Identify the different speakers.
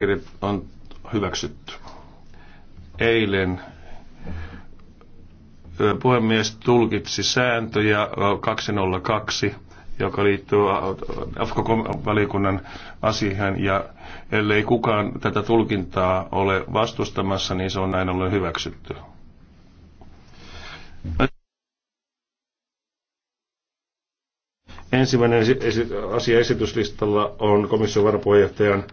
Speaker 1: kirjat on hyväksytty. Eilen puhemies tulkitsi sääntöjä 202, joka liittyy AFKO-valiokunnan asiaan, ja ellei kukaan tätä tulkintaa ole vastustamassa, niin se on näin ollen hyväksytty.
Speaker 2: Ensimmäinen asia esityslistalla on komission varapuheenjohtajan